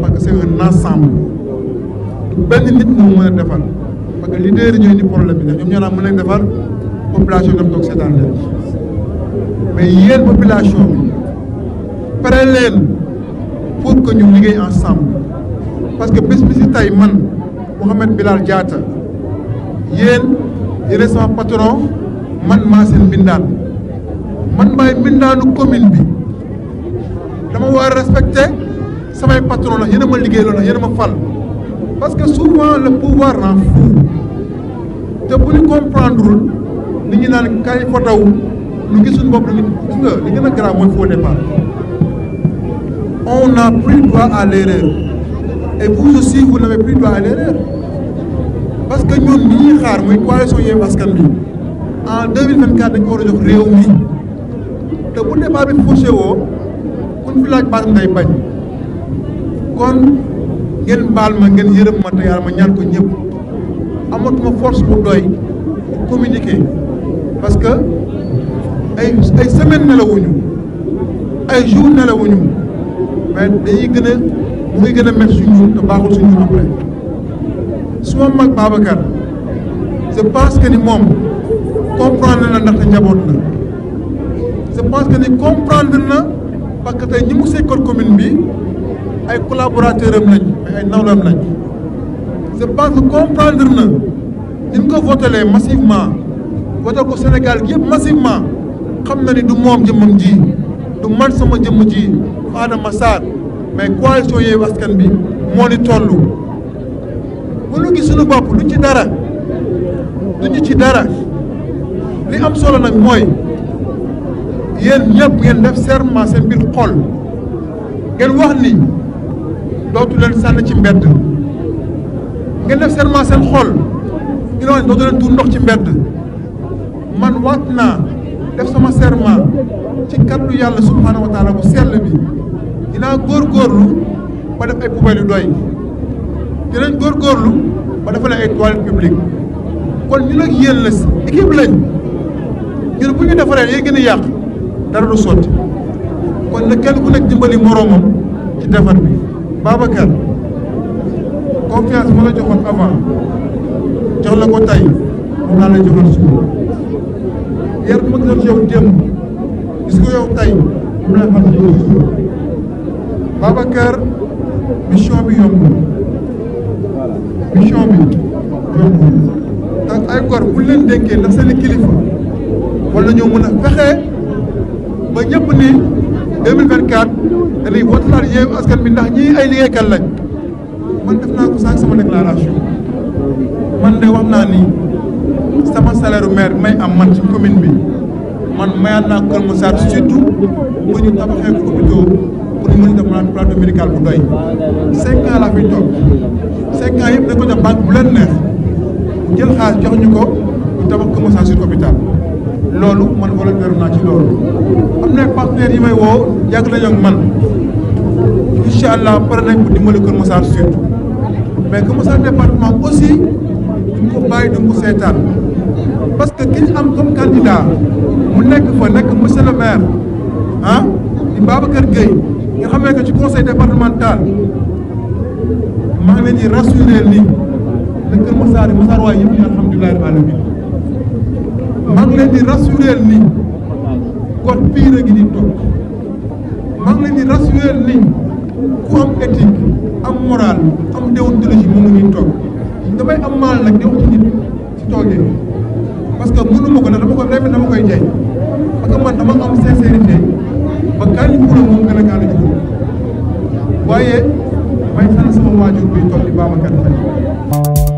parce que c'est un ensemble benn nit moom mën a defar parce que leader yi ñooy ni problème bi ne ñoom ñoo naan mën nañ defar population dem toog seetaan leen mais yéen population bi pour que ñu liggéey ensemble parce que bés bi si tey man Mouhamed Bilal Diatta yéen yéen sama patron man maa seen mbindaan man maay mbindaanu commune bi dama war a samay patron la yéen a ma liggéey loolu yéen a ma fal parce que souvent le pouvoir rend fou te bu ñu comprendre ni ñu naan kaay fotaw ñu gis suñu bopp dañuy gis nga li gëna a grave mooy faux départ on n'a pris droit à l'erreur et vous aussi vous n'avez plus droit à l'erreur parce que ñun li xaar muy coalition Yewwi Askan Wi en 2024 dañ ko war a jox réew mi te bu départ bi fauché wo kuñ fi laaj baat ngay bañ. kon ngeen baal ma ngeen yërëm ma te yàlla ma ñaan ko ñëpp amatuma force bu doy communiquer parce que ay ay semaine nelawuñu ay jour nelawuñu mais dañuy gën a mu ngi gën a met suñu te baaxul suñu après suma mag Babacar je pense que ni moom comprendre na ndaxte njaboot la je pense que ni comprendre na parce que tey ñi mu sekkal commune bi ay collaborateur am lañ mais ay nawlam lañ C'est pense comprendre na ko massivement voté ko Sénégal yëpp massivement xam na ni du moom jëmmam ji du man sama jëmm ji Adama Sarr mais coalition nous Askan bi moo ni toll bu ñu gis suñu bopp duñ ci dara duñu ci dara li am solo nag mooy yéen ñëpp ngeen def serment seen bir xol ngeen wax ni dootu leen sànn ci mbedd ngeen def serment seen xol ginnaaw ne dootu tuur ndox ci mbedd man waat naa def sama serment ci kàddu yàlla subhaanahu wa taala bu sell bi dinaa góorgóorlu ba def ay poubelle yu doy góor góorgóorlu ba defal ay toilettes publiques kon ñu nag yéen la équipe lañ ñun bu ñu defaree yéen gën a yàq dara du sotti kon nag kenn ku nekk dimbali moroomam ci defar bi Babacar confiance ma la joxoon avant jox la ko tey moom laa lay joxoon suba yar bu ma gisoon si yow démb gis ko yow tey moom laa xam ne suba Babacar mission bi yombul mission bi yombul ay gor bu leen dénkee ndax seen kilifa wala ñoo mën a fexe ba ñëpp ni 2024. da lay wootalaat yeewu askan bi ndax ñii ay liggéeykat lañ man def naa ko sànq sama déclaration man de wax naa ni sama salaire maire may am man ci commune bi man mayaat naa Kër Massar surtout bu ñu tabaxee ko hôpitaux pour ñu mën a def maanaam plateau médical bu doy cinq ans fi toog cinq ans yëpp ko jox banque bu leen neex jël xaalis jox ñu ko ñu tabax Kër Massar sur hôpital loolu man volontaire naa ci loolu am na partenaires yi may woo yàgg nañu ak man incha allah pare nañ ko dimbali Kër Massar surtout mais Kër Massar département aussi duñ bàyyi duñ ko seetaan parce que ki ñu am comme candidat mu nekk fa nekk monsieur le maire ah di Babacar Gueye nga xamee que ci conseil départemental maa ngi leen di rassurer ni le Kër Massar yi Massar waaye yëpp ñu alhamdulilah alamin maa ngi leen di rassureel ni code pire a ngi di toog maa leen di rassureel ni ku am éthique am moral am déontologie mën nga ñuy toog damay am maal nag di ci nit ci toogee parce que mënu ma ko nag dama koy jaay parce que man dama ba gàllu kuréel moom gën a gàllu ci waaye may sant sama waajur bi toll di Babacar Faye